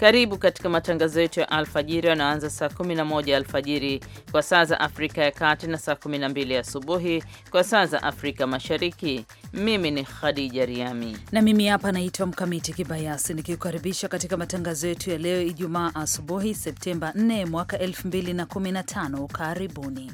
Karibu katika matangazo yetu ya alfajiri yanaanza saa 11 alfajiri kwa saa za Afrika ya Kati na saa 12 asubuhi kwa saa za Afrika Mashariki. Mimi ni Khadija Riami na mimi hapa naitwa Mkamiti Kibayasi nikikukaribisha katika matangazo yetu ya leo Ijumaa asubuhi Septemba 4 mwaka 2015. Karibuni.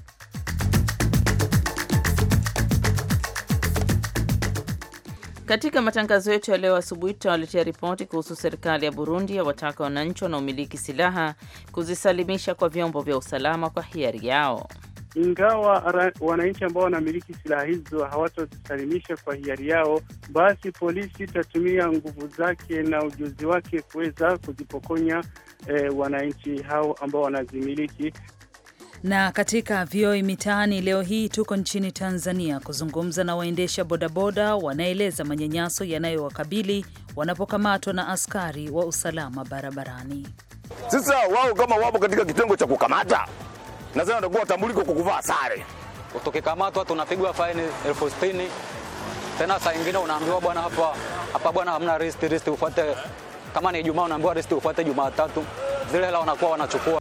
Katika matangazo yetu ya leo asubuhi tutawaletea ripoti kuhusu serikali ya Burundi ya wataka wananchi wanaomiliki silaha kuzisalimisha kwa vyombo vya usalama kwa hiari yao. Ingawa wananchi ambao wanamiliki silaha hizo hawatazisalimisha kwa hiari yao, basi polisi itatumia nguvu zake na ujuzi wake kuweza kuzipokonya eh, wananchi hao ambao wanazimiliki. Na katika vioi mitaani leo hii tuko nchini Tanzania kuzungumza na waendesha bodaboda wanaeleza manyanyaso yanayowakabili wanapokamatwa na askari wa usalama barabarani. Sasa wao kama wapo katika kitengo cha kukamata, nadhani watakuwa watambuliko kwa kuvaa sare. Tukikamatwa tunapigwa faini elfu sitini. Tena saa ingine unaambiwa bwana, hapa hapa bwana, hamna risti risti, ufuate kama ni Ijumaa unaambiwa risti ufuate Jumatatu. Zile hela wanakuwa wanachukua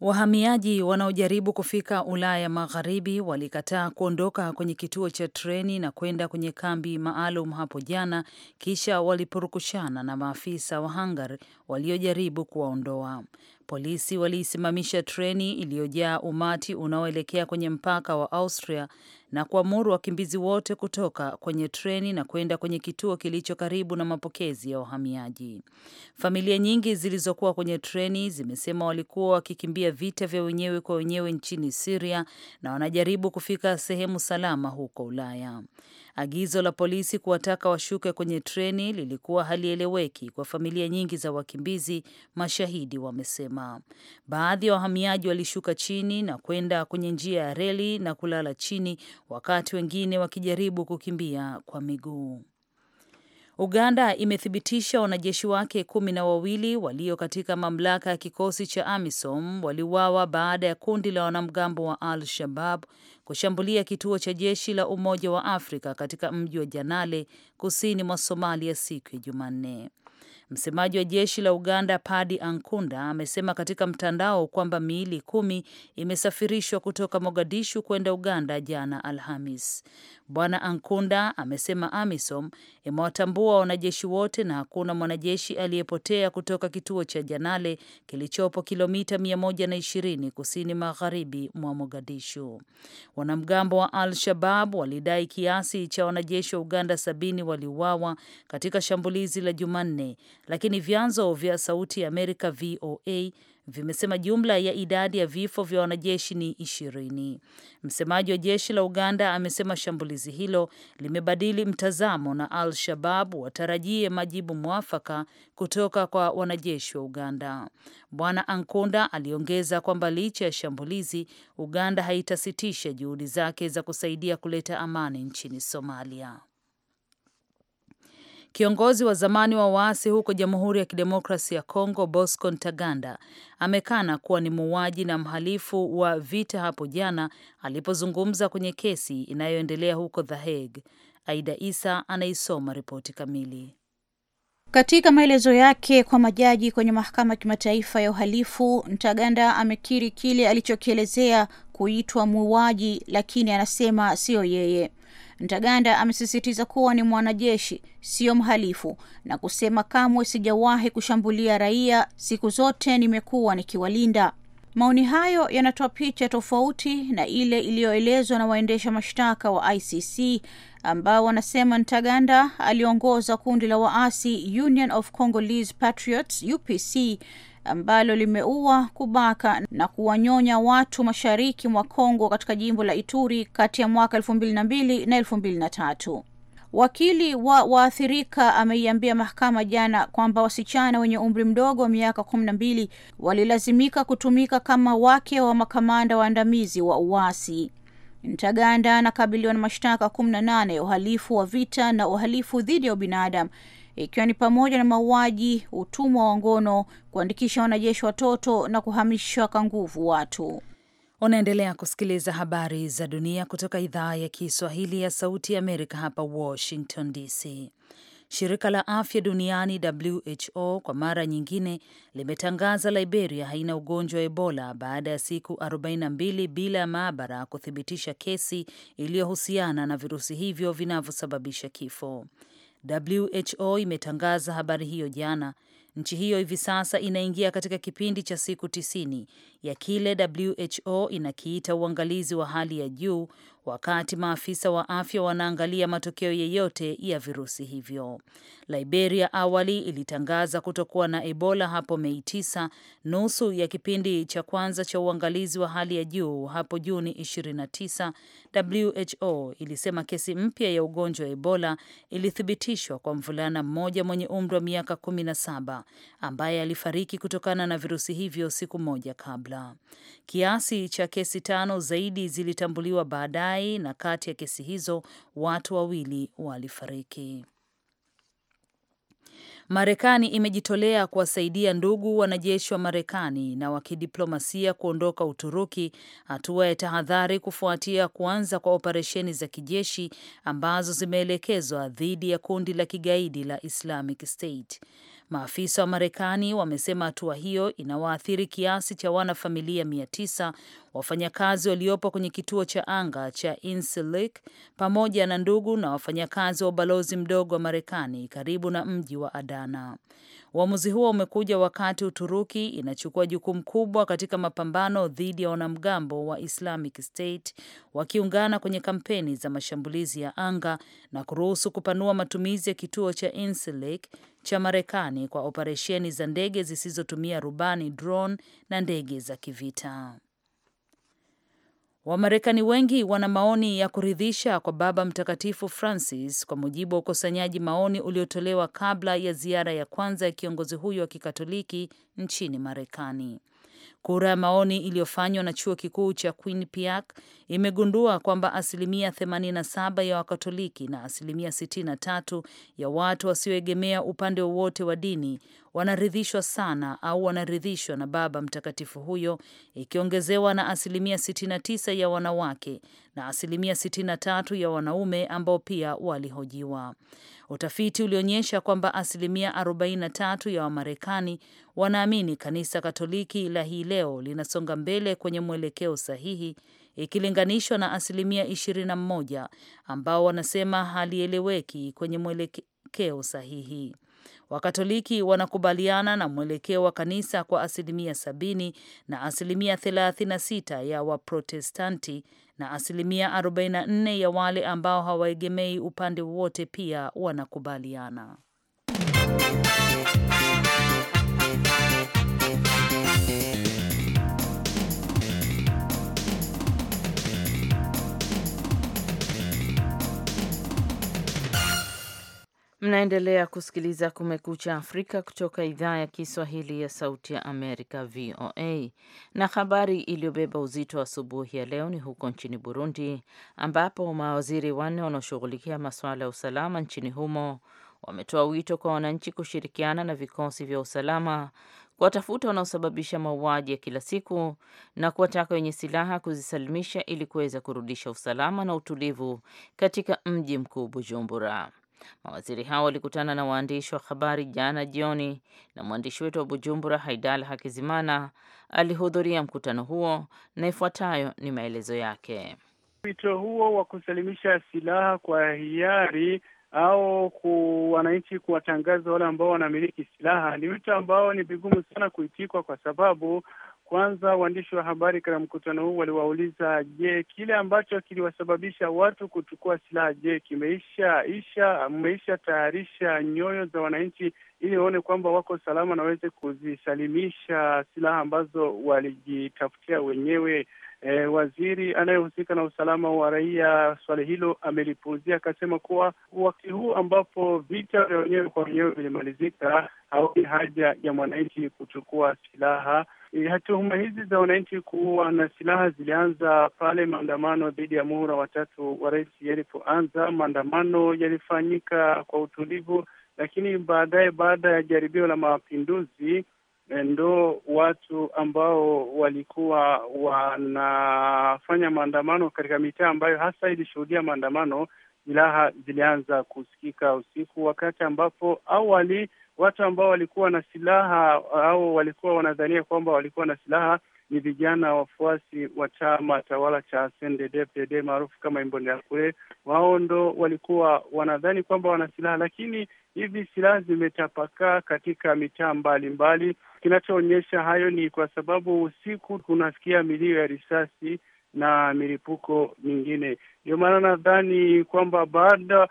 Wahamiaji wanaojaribu kufika Ulaya Magharibi walikataa kuondoka kwenye kituo cha treni na kwenda kwenye kambi maalum hapo jana, kisha walipurukushana na maafisa wa Hungary waliojaribu kuwaondoa. Polisi waliisimamisha treni iliyojaa umati unaoelekea kwenye mpaka wa Austria na kuamuru wakimbizi wote kutoka kwenye treni na kwenda kwenye kituo kilicho karibu na mapokezi ya wahamiaji. Familia nyingi zilizokuwa kwenye treni zimesema walikuwa wakikimbia vita vya wenyewe kwa wenyewe nchini siria na wanajaribu kufika sehemu salama huko Ulaya. Agizo la polisi kuwataka washuke kwenye treni lilikuwa halieleweki kwa familia nyingi za wakimbizi, mashahidi wamesema. Baadhi ya wahamiaji walishuka chini na kwenda kwenye njia ya reli na kulala chini, wakati wengine wakijaribu kukimbia kwa miguu. Uganda imethibitisha wanajeshi wake kumi na wawili walio katika mamlaka ya kikosi cha AMISOM waliuawa baada ya kundi la wanamgambo wa Al Shabab kushambulia kituo cha jeshi la Umoja wa Afrika katika mji wa Janale kusini mwa Somalia siku ya Jumanne. Msemaji wa jeshi la Uganda Padi Ankunda amesema katika mtandao kwamba miili kumi imesafirishwa kutoka Mogadishu kwenda Uganda jana Alhamis. Bwana Ankunda amesema AMISOM imewatambua wanajeshi wote na hakuna mwanajeshi aliyepotea kutoka kituo cha Janale kilichopo kilomita 120 kusini magharibi mwa Mogadishu. Wanamgambo wa Al Shabab walidai kiasi cha wanajeshi wa Uganda sabini waliuawa katika shambulizi la Jumanne lakini vyanzo vya Sauti ya Amerika VOA vimesema jumla ya idadi ya vifo vya wanajeshi ni ishirini. Msemaji wa jeshi la Uganda amesema shambulizi hilo limebadili mtazamo na Al Shabab watarajie majibu mwafaka kutoka kwa wanajeshi wa Uganda. Bwana Ankunda aliongeza kwamba licha ya shambulizi, Uganda haitasitisha juhudi zake za kusaidia kuleta amani nchini Somalia. Kiongozi wa zamani wa waasi huko Jamhuri ya Kidemokrasi ya Kongo, Bosco Ntaganda, amekana kuwa ni muuaji na mhalifu wa vita hapo jana alipozungumza kwenye kesi inayoendelea huko The Hague. Aida Isa anaisoma ripoti kamili. Katika maelezo yake kwa majaji kwenye mahakama ya kimataifa ya uhalifu, Ntaganda amekiri kile alichokielezea kuitwa muuaji, lakini anasema siyo yeye. Ntaganda amesisitiza kuwa ni mwanajeshi, sio mhalifu, na kusema kamwe sijawahi kushambulia raia, siku zote nimekuwa nikiwalinda. Maoni hayo yanatoa picha tofauti na ile iliyoelezwa na waendesha mashtaka wa ICC ambao wanasema Ntaganda aliongoza kundi la waasi Union of Congolese Patriots UPC ambalo limeua, kubaka na kuwanyonya watu mashariki mwa Kongo katika jimbo la Ituri kati ya mwaka elfu mbili na mbili na elfu mbili na tatu. Wakili wa waathirika ameiambia mahakama jana kwamba wasichana wenye umri mdogo wa miaka kumi na mbili walilazimika kutumika kama wake wa makamanda waandamizi wa uasi. Ntaganda anakabiliwa na mashtaka kumi na nane ya uhalifu wa vita na uhalifu dhidi ya ubinadamu ikiwa ni pamoja na mauaji, utumwa wa ngono, kuandikisha wanajeshi watoto na kuhamishwa kwa nguvu watu. Unaendelea kusikiliza habari za dunia kutoka idhaa ya Kiswahili ya Sauti ya Amerika, hapa Washington DC. Shirika la afya duniani WHO kwa mara nyingine limetangaza Liberia haina ugonjwa wa Ebola baada ya siku 42 bila ya maabara kuthibitisha kesi iliyohusiana na virusi hivyo vinavyosababisha kifo. WHO imetangaza habari hiyo jana. Nchi hiyo hivi sasa inaingia katika kipindi cha siku tisini ya kile WHO inakiita uangalizi wa hali ya juu wakati maafisa wa afya wanaangalia matokeo yeyote ya virusi hivyo. Liberia awali ilitangaza kutokuwa na Ebola hapo Mei t nusu ya kipindi cha kwanza cha uangalizi wa hali ya juu hapo Juni 29. WHO ilisema kesi mpya ya ugonjwa wa Ebola ilithibitishwa kwa mvulana mmoja mwenye umri wa miaka 17 ambaye alifariki kutokana na virusi hivyo siku moja kabla. Kiasi cha kesi tano zaidi zilitambuliwa baadaye Julai, na kati ya kesi hizo watu wawili walifariki. Marekani imejitolea kuwasaidia ndugu wanajeshi wa Marekani na wa kidiplomasia kuondoka Uturuki, hatua ya tahadhari kufuatia kuanza kwa operesheni za kijeshi ambazo zimeelekezwa dhidi ya kundi la kigaidi la Islamic State. Maafisa wa Marekani wamesema hatua hiyo inawaathiri kiasi cha wanafamilia mia tisa wafanyakazi waliopo kwenye kituo cha anga cha Incirlik pamoja na ndugu na wafanyakazi wa ubalozi mdogo wa Marekani karibu na mji wa Adana. Uamuzi huo umekuja wakati Uturuki inachukua jukumu kubwa katika mapambano dhidi ya wanamgambo wa Islamic State wakiungana kwenye kampeni za mashambulizi ya anga na kuruhusu kupanua matumizi ya kituo cha Incirlik cha Marekani kwa operesheni za ndege zisizotumia rubani drone na ndege za kivita. Wamarekani wengi wana maoni ya kuridhisha kwa Baba Mtakatifu Francis, kwa mujibu wa ukusanyaji maoni uliotolewa kabla ya ziara ya kwanza ya kiongozi huyo wa Kikatoliki nchini Marekani. Kura ya maoni iliyofanywa na chuo kikuu cha Quinnipiac imegundua kwamba asilimia 87 ya Wakatoliki na asilimia 63 ya watu wasioegemea upande wowote wa dini wanaridhishwa sana au wanaridhishwa na Baba Mtakatifu huyo, ikiongezewa na asilimia 69 ya wanawake na asilimia 63 ya wanaume ambao pia walihojiwa. Utafiti ulionyesha kwamba asilimia 43 ya Wamarekani wanaamini kanisa Katoliki la hii leo linasonga mbele kwenye mwelekeo sahihi ikilinganishwa na asilimia 21 ambao wanasema halieleweki kwenye mwelekeo sahihi. Wakatoliki wanakubaliana na mwelekeo wa kanisa kwa asilimia sabini na asilimia thelathini na sita ya Waprotestanti na asilimia nne ya wale ambao hawaegemei upande wowote pia wanakubaliana. Mnaendelea kusikiliza Kumekucha Afrika kutoka idhaa ya Kiswahili ya Sauti ya Amerika, VOA. Na habari iliyobeba uzito wa asubuhi ya leo ni huko nchini Burundi, ambapo mawaziri wanne wanaoshughulikia masuala ya usalama nchini humo wametoa wito kwa wananchi kushirikiana na vikosi vya usalama kuwatafuta wanaosababisha mauaji ya kila siku na kuwataka wenye silaha kuzisalimisha ili kuweza kurudisha usalama na utulivu katika mji mkuu Bujumbura. Mawaziri hao walikutana na waandishi wa habari jana jioni, na mwandishi wetu wa Bujumbura Haidal Hakizimana alihudhuria mkutano huo, na ifuatayo ni maelezo yake. Wito huo wa kusalimisha silaha kwa hiari au ku wananchi kuwatangaza wale ambao wanamiliki silaha ni wito ambao ni vigumu sana kuitikwa, kwa sababu kwanza waandishi wa habari katika mkutano huu waliwauliza, je, kile ambacho kiliwasababisha watu kuchukua silaha, je, kimeisha isha, mmeisha tayarisha nyoyo za wananchi ili waone kwamba wako salama na waweze kuzisalimisha silaha ambazo walijitafutia wenyewe E, waziri anayehusika na usalama wa raia swali hilo amelipuuzia, akasema kuwa wakati huu ambapo vita vya wenyewe kwa wenyewe vilimalizika, haoni haja ya mwananchi kuchukua silaha. E, hatuhuma hizi za wananchi kuwa na silaha zilianza pale maandamano dhidi ya muhula watatu wa rais yalipoanza. Maandamano yalifanyika kwa utulivu, lakini baadaye, baada ya jaribio la mapinduzi Eh, ndo watu ambao walikuwa wanafanya maandamano katika mitaa ambayo hasa ilishuhudia maandamano. Silaha zilianza kusikika usiku, wakati ambapo awali watu ambao walikuwa na silaha au walikuwa wanadhania kwamba walikuwa na silaha ni vijana wafuasi wa chama tawala cha CNDD-FDD maarufu kama Imbonerakure. Wao ndo walikuwa wanadhani kwamba wana silaha, lakini Hivi silaha zimetapakaa katika mitaa mbalimbali. Kinachoonyesha hayo ni kwa sababu usiku kunasikia milio ya risasi na milipuko mingine. Ndio maana nadhani kwamba baada,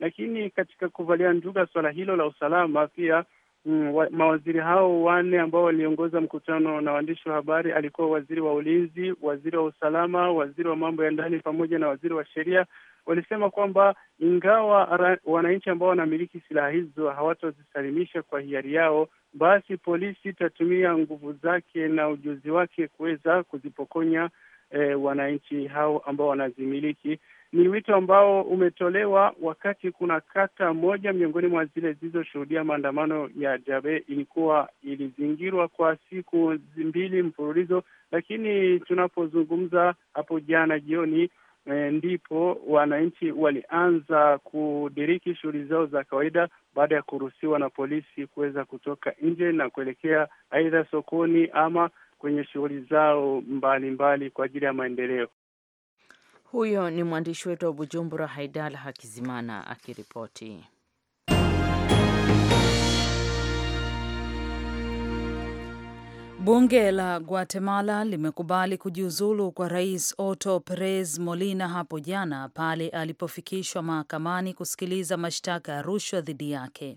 lakini katika kuvalia njuga suala hilo la usalama pia mm, wa, mawaziri hao wanne ambao waliongoza mkutano na waandishi wa habari alikuwa waziri wa ulinzi, waziri wa usalama, waziri wa mambo ya ndani pamoja na waziri wa sheria walisema kwamba ingawa wananchi ambao wanamiliki silaha hizo hawatozisalimisha kwa hiari yao, basi polisi itatumia nguvu zake na ujuzi wake kuweza kuzipokonya eh, wananchi hao ambao wanazimiliki. Ni wito ambao umetolewa wakati kuna kata moja miongoni mwa zile zilizoshuhudia maandamano ya Jabe ilikuwa ilizingirwa kwa siku mbili mfululizo, lakini tunapozungumza hapo jana jioni e, ndipo wananchi walianza kudiriki shughuli zao za kawaida baada ya kuruhusiwa na polisi kuweza kutoka nje na kuelekea aidha sokoni ama kwenye shughuli zao mbalimbali mbali kwa ajili ya maendeleo. Huyo ni mwandishi wetu wa Bujumbura, Haidala Hakizimana akiripoti. Bunge la Guatemala limekubali kujiuzulu kwa rais Otto Perez Molina hapo jana pale alipofikishwa mahakamani kusikiliza mashtaka ya rushwa dhidi yake.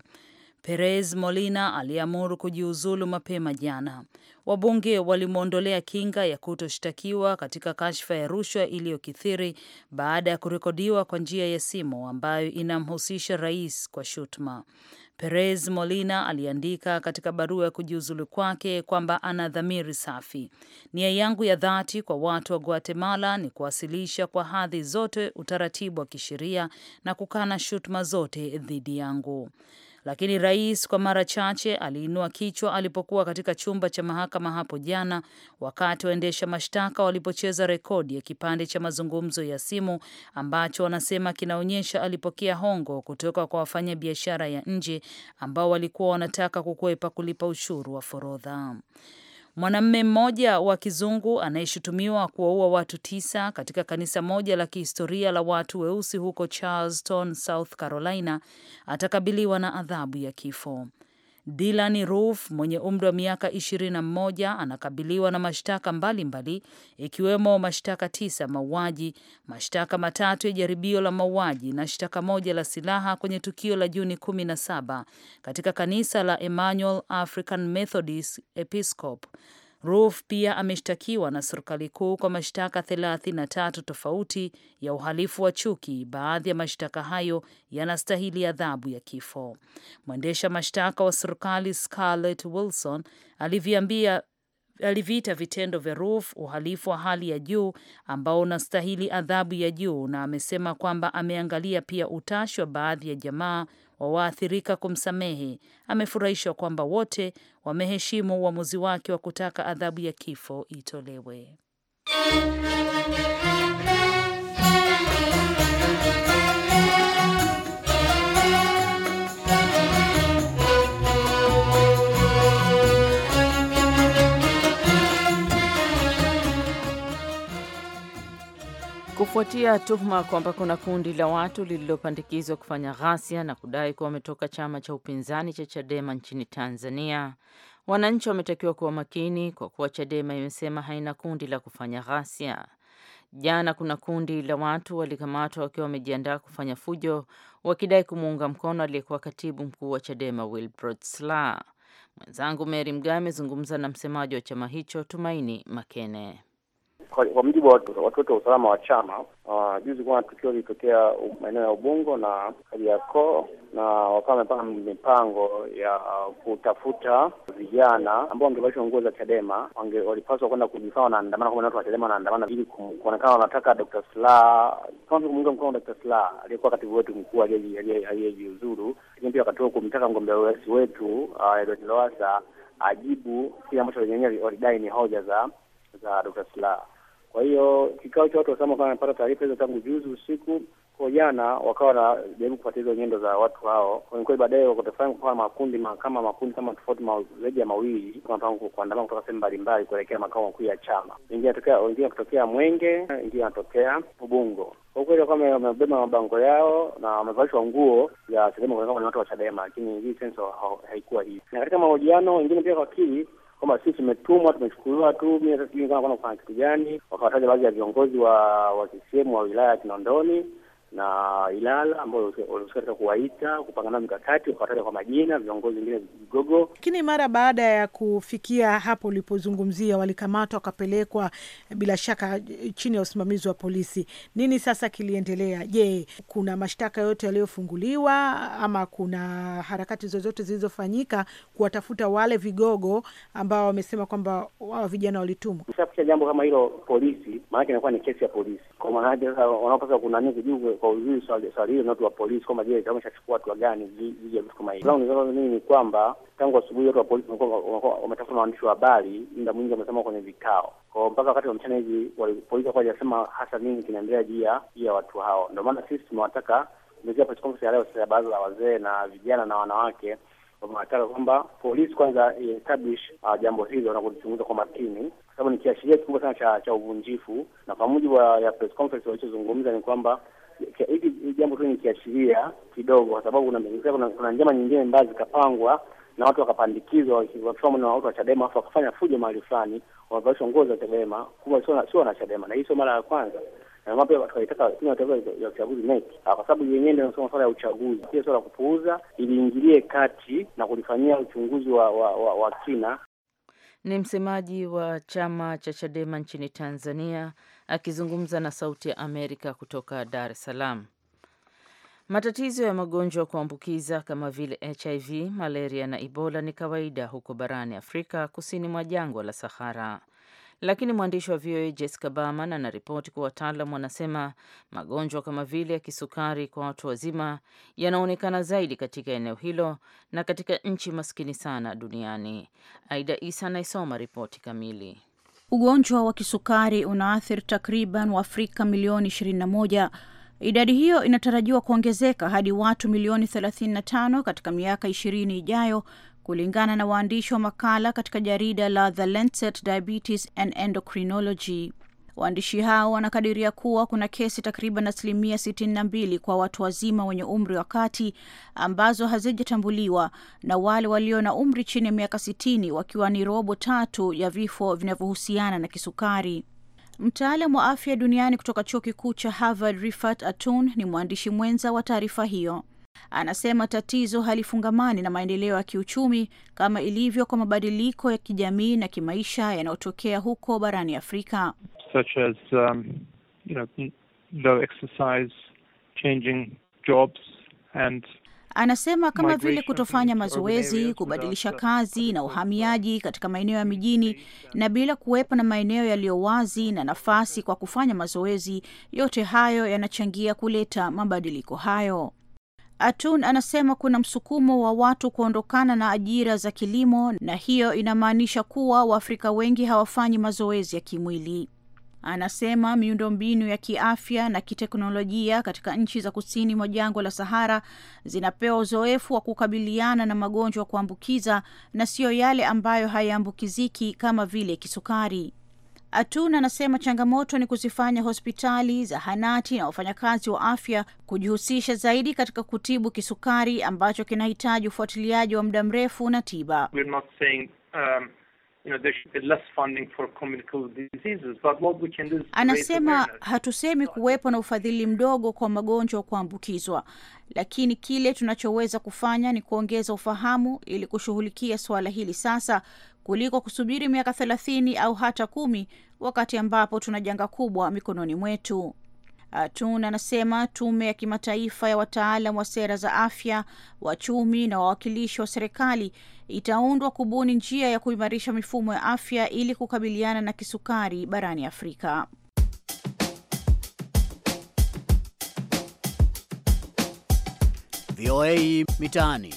Perez Molina aliamuru kujiuzulu mapema jana. Wabunge walimwondolea kinga ya kutoshtakiwa katika kashfa ya rushwa iliyokithiri baada ya kurekodiwa kwa njia ya simu ambayo inamhusisha rais kwa shutuma. Perez Molina aliandika katika barua ya kujiuzulu kwake kwamba ana dhamiri safi. Nia yangu ya dhati kwa watu wa Guatemala ni kuwasilisha kwa hadhi zote utaratibu wa kisheria na kukana shutuma zote dhidi yangu lakini rais kwa mara chache aliinua kichwa alipokuwa katika chumba cha mahakama hapo jana, wakati waendesha mashtaka walipocheza rekodi ya kipande cha mazungumzo ya simu ambacho wanasema kinaonyesha alipokea hongo kutoka kwa wafanya biashara ya nje ambao walikuwa wanataka kukwepa kulipa ushuru wa forodha. Mwanamume mmoja wa kizungu anayeshutumiwa kuwaua watu tisa katika kanisa moja la kihistoria la watu weusi huko Charleston, South Carolina atakabiliwa na adhabu ya kifo dilani ruf mwenye umri wa miaka 21 anakabiliwa na mashtaka mbalimbali ikiwemo mashtaka tisa mauaji, mashtaka matatu ya jaribio la mauaji na shtaka moja la silaha kwenye tukio la Juni 17 katika kanisa la Emmanuel African Methodist Episcopal Roof pia ameshtakiwa na serikali kuu kwa mashtaka 33 tofauti ya uhalifu wa chuki. Baadhi ya mashtaka hayo yanastahili adhabu ya kifo. Mwendesha mashtaka wa serikali Scarlett Wilson aliviambia aliviita vitendo vya Roof uhalifu wa hali ya juu ambao unastahili adhabu ya juu, na amesema kwamba ameangalia pia utashi wa baadhi ya jamaa wa waathirika kumsamehe, amefurahishwa kwamba wote wameheshimu uamuzi wa wake wa kutaka adhabu ya kifo itolewe. kufuatia tuhuma kwamba kuna kundi la watu lililopandikizwa kufanya ghasia na kudai kuwa wametoka chama cha upinzani cha Chadema nchini Tanzania. Wananchi wametakiwa kuwa makini kwa kuwa Chadema imesema haina kundi la kufanya ghasia. Jana kuna kundi la watu walikamatwa wakiwa wamejiandaa kufanya fujo wakidai kumuunga mkono aliyekuwa katibu mkuu wa Chadema Wilbrod Slaa. Mwenzangu Mary Mgawe amezungumza na msemaji wa chama hicho Tumaini Makene. Kwa mjibu wa watoto wa usalama wa chama uh, juzi kuna tukio lilitokea maeneo ya Ubungo na Kariakoo, na wakawa wamepanga mipango ya kutafuta vijana ambao wangevalishwa nguo za Chadema, walipaswa kwenda kujifaa wanaandamana, kwa watu wa Chadema wanaandamana ili kuonekana wanataka Dr. Slaa kumuunga mkono Dr. Slaa aliyekuwa katibu wetu mkuu aliyejiuzuru, lakini pia wakatoka kumtaka mgombea urais wetu uh, Edward Lowassa ajibu kile ambacho wenyewe walidai ni hoja za za Dr. Slaa. Kwa hiyo kikao cha watu wasama kama amepata taarifa hizo tangu juzi usiku kwa jana, wakawa wanajaribu kupata hizo nyendo za watu hao. Kweli baadaye wakatofahamu makundi kama makundi kama tofauti zaidi ya mawili, kwa mpango kuandamana kutoka sehemu mbalimbali kuelekea makao makuu ya chama, wengine wanatokea Mwenge, wengine wanatokea Ubungo. Kwa kweli kama wamebeba mabango yao na wamevalishwa nguo ya Chadema, kama ni watu wa Chadema, lakini hii senso haikuwa hii. Na katika mahojiano wengine pia wakili kwamba sisi tumetumwa, tumechukuliwa tu, mimi sasa sijui kama kuna kitu gani. Wakawataja baadhi ya viongozi wa wa CCM wa wilaya ya Kinondoni na Ilala ambao walihusika kuwaita, kupangana mikakati, kuwataja kwa majina viongozi wengine vigogo. Lakini mara baada ya kufikia hapo ulipozungumzia, walikamatwa wakapelekwa bila shaka chini ya usimamizi wa polisi. Nini sasa kiliendelea? Je, kuna mashtaka yote yaliyofunguliwa ama kuna harakati zozote zilizofanyika kuwatafuta wale vigogo ambao wamesema kwamba wao vijana walitumwa? Ukishafikisha jambo kama hilo polisi, maanake inakuwa ni kesi ya polisi kwa maanake wanaopasa kunani kujua kwa uzuri swali hilo na watu wa polisi kwamba je, chama chachukua hatua gani dhidi ya vitu kama hivi. Mimi ni kwamba tangu asubuhi watu wa polisi wametafuta na waandishi wa habari, muda mwingi wamesema kwenye vikao kwa mpaka wakati wa mchana hivi polisi hakuwa hajasema hasa nini kinaendelea juu ya watu hao. Ndio maana sisi tumewataka kupitia press conference ya leo, sasa baadhi ya wazee na vijana na wanawake wanataka kwamba polisi kwanza establish uh, jambo hilo na kulichunguza kwa makini kwa sababu ni kiashiria kikubwa sana cha, cha uvunjifu, na kwa mujibu ya press conference walichozungumza ni kwamba hili jambo tu ni kiashiria kidogo, kwa sababu kuna, kuna njama nyingine ambazo zikapangwa na watu wakapandikizwa wakiwa na watu wa Chadema afu wakafanya fujo mahali fulani, wakavalishwa nguo za Chadema, kumbe sio wana Chadema, na hii sio mara ya kwanza na mapya tukaitaka tume ya taifa ya uchaguzi NEC ah, kwa sababu yenyewe ndio inasema swala ya uchaguzi, sio swala la kupuuza, iliingilie kati na kulifanyia uchunguzi wa wa, wa, wa kina ni msemaji wa chama cha Chadema nchini Tanzania akizungumza na Sauti ya Amerika kutoka Dar es Salaam. Matatizo ya magonjwa ya kuambukiza kama vile HIV, malaria na Ebola ni kawaida huko barani Afrika kusini mwa jangwa la Sahara. Lakini mwandishi wa VOA Jessica Berman anaripoti kuwa wataalam wanasema magonjwa kama vile ya kisukari kwa watu wazima yanaonekana zaidi katika eneo hilo na katika nchi maskini sana duniani. Aida Isa anaisoma ripoti kamili. Ugonjwa wa kisukari unaathiri takriban Waafrika milioni 21. Idadi hiyo inatarajiwa kuongezeka hadi watu milioni 35 katika miaka ishirini ijayo kulingana na waandishi wa makala katika jarida la The Lancet Diabetes and Endocrinology. Waandishi hao wanakadiria kuwa kuna kesi takriban asilimia sitini na mbili kwa watu wazima wenye umri wa kati ambazo hazijatambuliwa na wale walio na umri chini ya miaka sitini wakiwa ni robo tatu ya vifo vinavyohusiana na kisukari. mtaalam wa afya duniani kutoka chuo kikuu cha Harvard Rifat Atun ni mwandishi mwenza wa taarifa hiyo. Anasema tatizo halifungamani na maendeleo ya kiuchumi kama ilivyo kwa mabadiliko ya kijamii na kimaisha yanayotokea huko barani Afrika. Such as, um, you know, low exercise, changing jobs and Anasema kama vile kutofanya mazoezi, kubadilisha kazi na uhamiaji katika maeneo ya mijini na bila kuwepo na maeneo yaliyo wazi na nafasi kwa kufanya mazoezi, yote hayo yanachangia kuleta mabadiliko hayo. Atun anasema kuna msukumo wa watu kuondokana na ajira za kilimo na hiyo inamaanisha kuwa Waafrika wengi hawafanyi mazoezi ya kimwili. Anasema miundombinu ya kiafya na kiteknolojia katika nchi za kusini mwa jangwa la Sahara zinapewa uzoefu wa kukabiliana na magonjwa kuambukiza na siyo yale ambayo hayaambukiziki kama vile kisukari. Atun anasema changamoto ni kuzifanya hospitali, zahanati na wafanyakazi wa afya kujihusisha zaidi katika kutibu kisukari ambacho kinahitaji ufuatiliaji wa muda mrefu na tiba. Um, anasema, hatusemi kuwepo na ufadhili mdogo kwa magonjwa wa kuambukizwa, lakini kile tunachoweza kufanya ni kuongeza ufahamu ili kushughulikia suala hili sasa kuliko kusubiri miaka thelathini au hata kumi wakati ambapo tuna janga kubwa mikononi mwetu. Atun ah, anasema tume ya kimataifa ya wataalam wa sera za afya, wachumi na wawakilishi wa serikali itaundwa kubuni njia ya kuimarisha mifumo ya afya ili kukabiliana na kisukari barani Afrika. VOA Mitaani.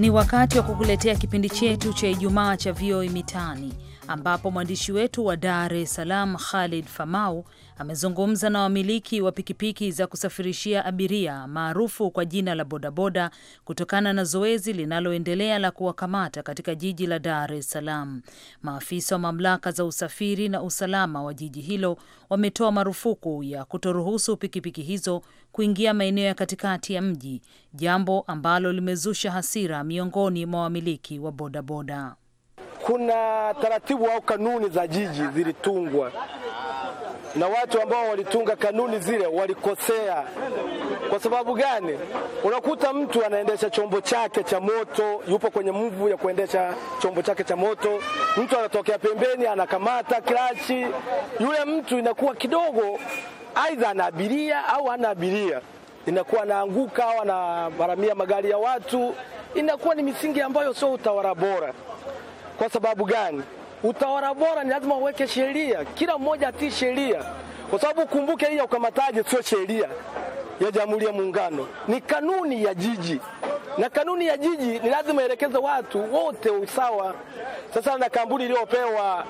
Ni wakati wa kukuletea kipindi chetu cha Ijumaa cha VOA Mitaani ambapo mwandishi wetu wa Dar es Salaam Khalid Famau amezungumza na wamiliki wa pikipiki za kusafirishia abiria maarufu kwa jina la bodaboda kutokana na zoezi linaloendelea la kuwakamata katika jiji la Dar es Salaam. Maafisa wa mamlaka za usafiri na usalama wa jiji hilo wametoa marufuku ya kutoruhusu pikipiki hizo kuingia maeneo ya katikati ya mji, jambo ambalo limezusha hasira miongoni mwa wamiliki wa bodaboda. Kuna taratibu au kanuni za jiji zilitungwa na watu ambao walitunga kanuni zile walikosea. Kwa sababu gani? Unakuta mtu anaendesha chombo chake cha moto, yupo kwenye mvu ya kuendesha chombo chake cha moto, mtu anatokea pembeni, anakamata klachi. Yule mtu inakuwa kidogo, aidha ana abiria au ana abiria, inakuwa anaanguka au anaharamia magari ya watu, inakuwa ni misingi ambayo sio utawala bora. Kwa sababu gani? Utawala bora ni lazima uweke sheria, kila mmoja atii sheria, kwa sababu ukumbuke hii ya ukamataji sio sheria ya Jamhuri ya Muungano, ni kanuni ya jiji, na kanuni ya jiji ni lazima ielekeze watu wote usawa. Sasa na kampuni iliyopewa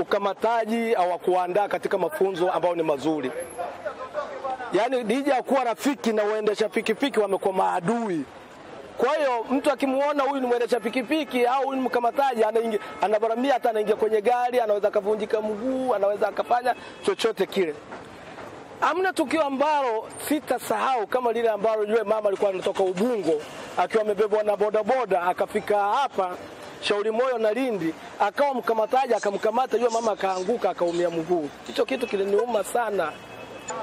ukamataji au kuandaa katika mafunzo ambayo ni mazuri, yaani dija kuwa rafiki na waendesha pikipiki wamekuwa maadui. Kwa hiyo mtu akimwona huyu ni mwendesha pikipiki au huyu ni mkamataji, anabaramia hata anaingia kwenye gari, anaweza akavunjika mguu, anaweza akafanya chochote kile. Amna tukio ambalo sitasahau kama lile ambalo yule mama alikuwa anatoka Ubungo akiwa amebebwa na bodaboda akafika hapa Shauri Moyo na Lindi, akawa mkamataji, akamkamata yule mama, akaanguka akaumia mguu. Hicho kitu kiliniuma sana.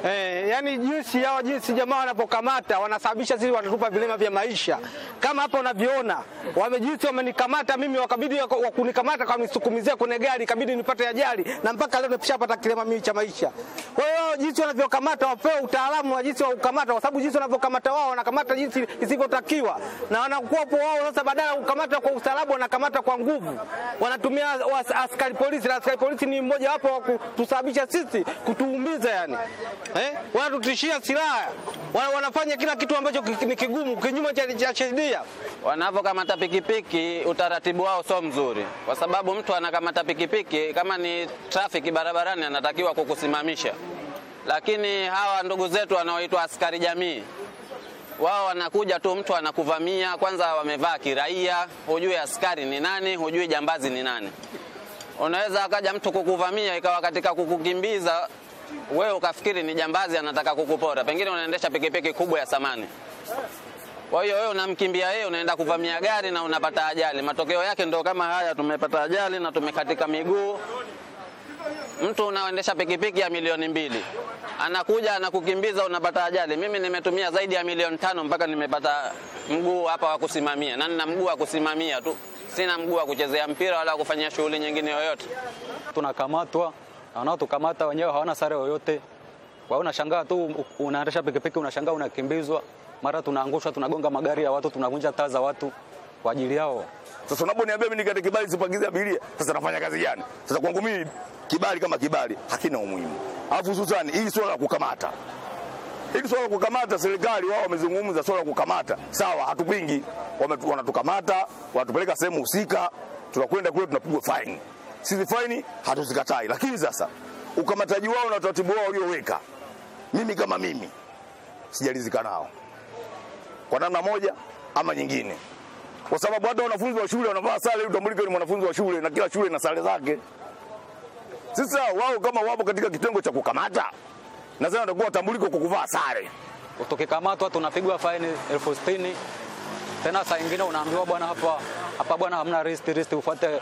Eh, yani jinsi hawa jinsi jamaa wanapokamata wanasababisha sisi watatupa vilema vya maisha. Kama hapa unaviona, wamejinsi wamenikamata mimi wakabidi wa kunikamata kwa nisukumizia kwenye gari ikabidi nipate ajali na mpaka leo nimeshapata kilema mimi cha maisha. Kwa hiyo wao jinsi wanavyokamata wapewe utaalamu wa jinsi wa kukamata kwa sababu jinsi wanavyokamata wao wanakamata jinsi isivyotakiwa. Na wanakuwapo wao sasa badala kukamata kwa usalama wanakamata kwa nguvu. Wanatumia askari polisi na askari polisi ni mmoja wapo wa kutusababisha sisi kutuumiza yani eh? Wanatutishia silaha, wanafanya kila kitu ambacho ni kigumu, kinyume cha sheria. Wanavyokamata pikipiki, utaratibu wao sio mzuri, kwa sababu mtu anakamata pikipiki, kama ni trafiki barabarani, anatakiwa kukusimamisha, lakini hawa ndugu zetu wanaoitwa askari jamii wao wanakuja tu, mtu anakuvamia. Kwanza wamevaa kiraia, hujui askari ni nani, hujui jambazi ni nani. Unaweza akaja mtu kukuvamia, ikawa katika kukukimbiza wewe ukafikiri ni jambazi anataka kukupora, pengine unaendesha pikipiki kubwa ya samani. Kwa hiyo wewe unamkimbia yeye, unaenda kuvamia gari na unapata ajali. Matokeo yake ndio kama haya, tumepata ajali na tumekatika miguu. Mtu unaendesha pikipiki ya milioni mbili anakuja anakukimbiza, unapata ajali. Mimi nimetumia zaidi ya milioni tano mpaka nimepata mguu hapa wa kusimamia, na nina mguu wa kusimamia tu, sina mguu wa kuchezea mpira wala kufanya shughuli nyingine yoyote. Tunakamatwa wanaotukamata wenyewe hawana sare yoyote. Kwa hiyo unashangaa tu, unaendesha pikipiki, unashangaa unakimbizwa, mara tunaangushwa, tunagonga magari ya watu, tunavunja taa za watu kwa ajili yao. Sasa unaponiambia mimi nikate kibali sipangize abiria, sasa nafanya kazi gani? Sasa kwangu mimi kibali kama kibali hakina umuhimu, alafu hususan hii swala la kukamata ili swala la kukamata, serikali wao wamezungumza swala la kukamata, sawa, hatupingi. Wanatukamata, wanatupeleka sehemu husika, tunakwenda kule tunapigwa faini sisi faini hatuzikatai, lakini sasa ukamataji wao na utaratibu wao walioweka, mimi kama mimi sijalizika nao kwa namna moja ama nyingine, kwa sababu hata wanafunzi wa shule wanavaa sare utambulike ni mwanafunzi wa shule, na kila shule ina sare zake. Sasa wao kama wapo katika kitengo cha kukamata, nadhani watakuwa watambuliko kwa kuvaa sare. Tukikamatwa tunapigwa faini elfu sitini tena saa ingine unaambiwa bwana, hapa hapa bwana hamna risti, risti ufuate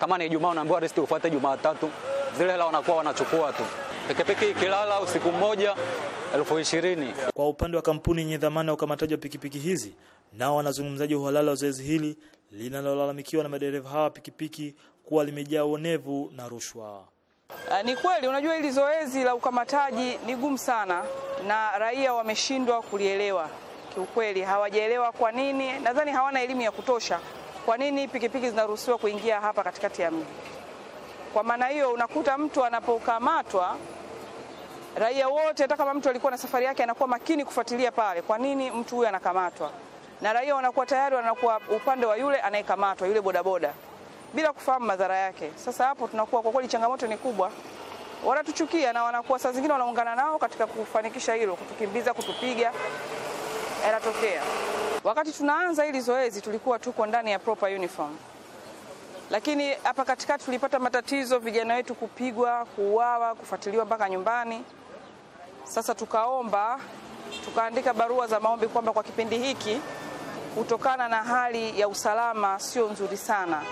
kama ni Ijumaa unaambiwa resti ufuate Jumatatu, zile hela wanakuwa wanachukua tu. Pikipiki ikilala usiku mmoja elfu ishirini. Kwa upande wa kampuni yenye dhamana ya ukamataji wa pikipiki hizi, nao wanazungumzaji uhalali wa zoezi hili linalolalamikiwa na madereva hawa pikipiki kuwa limejaa uonevu na rushwa. Ah, ni kweli, unajua hili zoezi la ukamataji ni gumu sana, na raia wameshindwa kulielewa. Kiukweli hawajaelewa kwa nini, nadhani hawana elimu ya kutosha kwa nini pikipiki zinaruhusiwa kuingia hapa katikati ya mji? Kwa maana hiyo unakuta mtu anapokamatwa, raia wote, hata kama mtu alikuwa na safari yake, anakuwa makini kufuatilia pale, kwa nini mtu huyu anakamatwa, na raia wanakuwa tayari wanakuwa upande wa yule anayekamatwa, yule bodaboda, bila kufahamu madhara yake. Sasa hapo tunakuwa kwa kweli, changamoto ni kubwa, wanatuchukia na wanakuwa saa zingine wanaungana nao katika kufanikisha hilo, kutukimbiza, kutupiga, yanatokea. Wakati tunaanza hili zoezi tulikuwa tuko ndani ya proper uniform, lakini hapa katikati tulipata matatizo, vijana wetu kupigwa, kuuawa, kufuatiliwa mpaka nyumbani. Sasa tukaomba, tukaandika barua za maombi kwamba kwa kipindi hiki kutokana na hali ya usalama sio nzuri sana,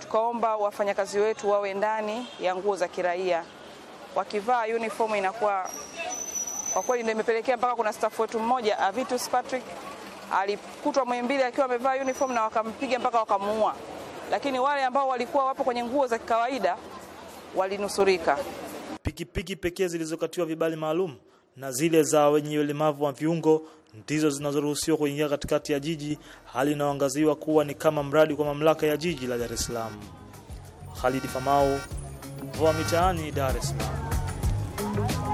tukaomba wafanyakazi wetu wawe ndani ya nguo za kiraia, wakivaa uniform inakuwa kwa kweli ndio imepelekea mpaka kuna staff wetu mmoja Avitus Patrick alikutwa Muhimbili akiwa amevaa uniform na wakampiga mpaka wakamuua, lakini wale ambao walikuwa wapo kwenye nguo za kawaida walinusurika. Pikipiki pekee zilizokatiwa vibali maalum na zile za wenye ulemavu wa viungo ndizo zinazoruhusiwa kuingia katikati ya jiji, hali inayoangaziwa kuwa ni kama mradi kwa mamlaka ya jiji la Dar es Salaam. Khalid Famau, VOA Mitaani, Dar es Salaam.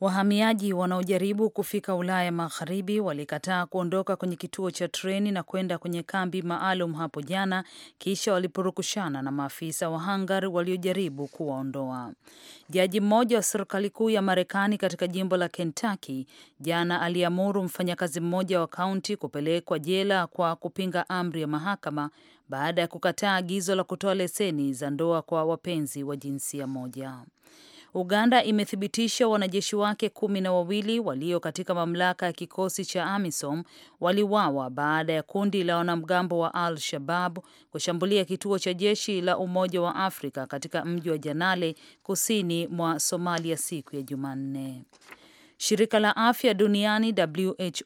Wahamiaji wanaojaribu kufika Ulaya Magharibi walikataa kuondoka kwenye kituo cha treni na kwenda kwenye kambi maalum hapo jana, kisha walipurukushana na maafisa wa Hungary waliojaribu kuwaondoa. Jaji mmoja wa serikali kuu ya Marekani katika jimbo la Kentucky jana aliamuru mfanyakazi mmoja wa kaunti kupelekwa jela kwa kupinga amri ya mahakama baada ya kukataa agizo la kutoa leseni za ndoa kwa wapenzi wa jinsia moja. Uganda imethibitisha wanajeshi wake kumi na wawili walio katika mamlaka ya kikosi cha AMISOM waliwawa baada ya kundi la wanamgambo wa Al Shabab kushambulia kituo cha jeshi la Umoja wa Afrika katika mji wa Janale kusini mwa Somalia siku ya Jumanne. Shirika la afya duniani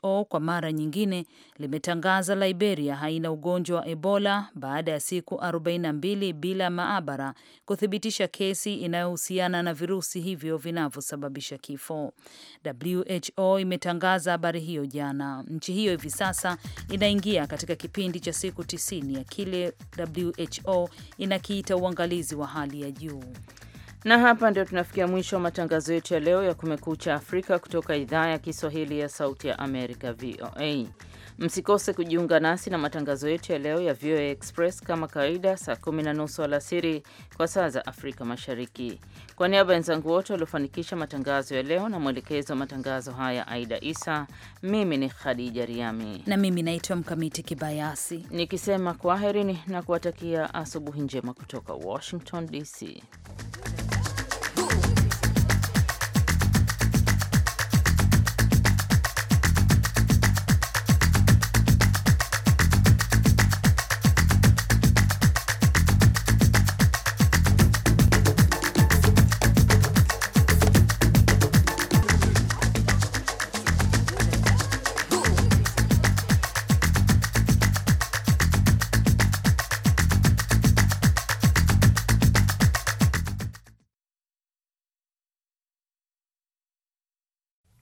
WHO kwa mara nyingine limetangaza Liberia haina ugonjwa wa Ebola baada ya siku 42 bila maabara kuthibitisha kesi inayohusiana na virusi hivyo vinavyosababisha kifo. WHO imetangaza habari hiyo jana. Nchi hiyo hivi sasa inaingia katika kipindi cha siku 90 ya kile WHO inakiita uangalizi wa hali ya juu. Na hapa ndio tunafikia mwisho wa matangazo yetu ya leo ya Kumekucha Afrika kutoka idhaa ya Kiswahili ya Sauti ya Amerika, VOA. Msikose kujiunga nasi na matangazo yetu ya leo ya VOA Express kama kawaida, saa kumi na nusu alasiri kwa saa za Afrika Mashariki. Kwa niaba ya wenzangu wote waliofanikisha matangazo ya leo na mwelekezo wa matangazo haya Aida Isa, mimi ni Khadija Riami na mimi naitwa Mkamiti Kibayasi, nikisema kwaherini na kuwatakia asubuhi njema kutoka Washington DC.